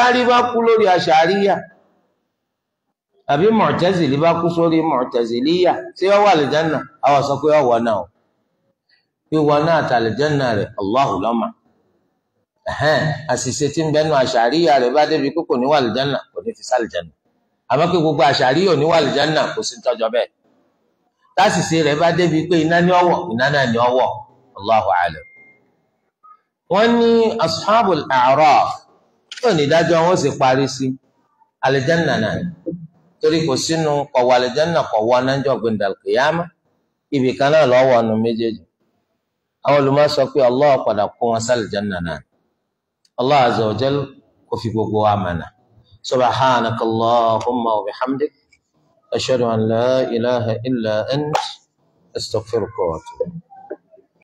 Ṣáárí bá kú lórí àṣàríyà àbí mọ̀tẹ́sìlì bá kú sórí mọ̀tẹ́sìlìyà tí wọ́n wà lìjánà àwọn sọ pé ọ̀wọ́ náà wíwọ náà tàlìjánà rẹ̀ Allahu lọ́mà àṣìṣe tí ń bẹnu àṣàríyà rẹ̀ bá débi kókò ní wà lìjánà kò ní fi sálìjánà àmọ́ pé gbogbo àṣàríyà ní wà lìjánà kò sí tọ́jọ́ bẹ́ẹ̀ táṣìṣe rẹ̀ bá débi pé iná ní ọwọ́ iná náà ní ọwọ́ Allahu alam wọ́n ní ashabul a'raf náà nídájọ́ wọn sì parí sí alẹ́jẹ́nà náà torí kò sínú kọ̀wọ́ alẹ́jẹ́nà kọ̀wọ́ anájọ́ gbẹ̀ndàkìyàmá ibì kan náà lọ́wọ́ ọ̀nà méjèèjì àwọn olùmọ̀ sọ pé Allah padà kó wọn sálẹ̀jẹ́nà náà Allah azza wa jal kò fi gbogbo wa mọ̀nà subhanaka Allahumma wa bihamdik ashhadu an la ilaha illa ant astaghfiruka wa atubu.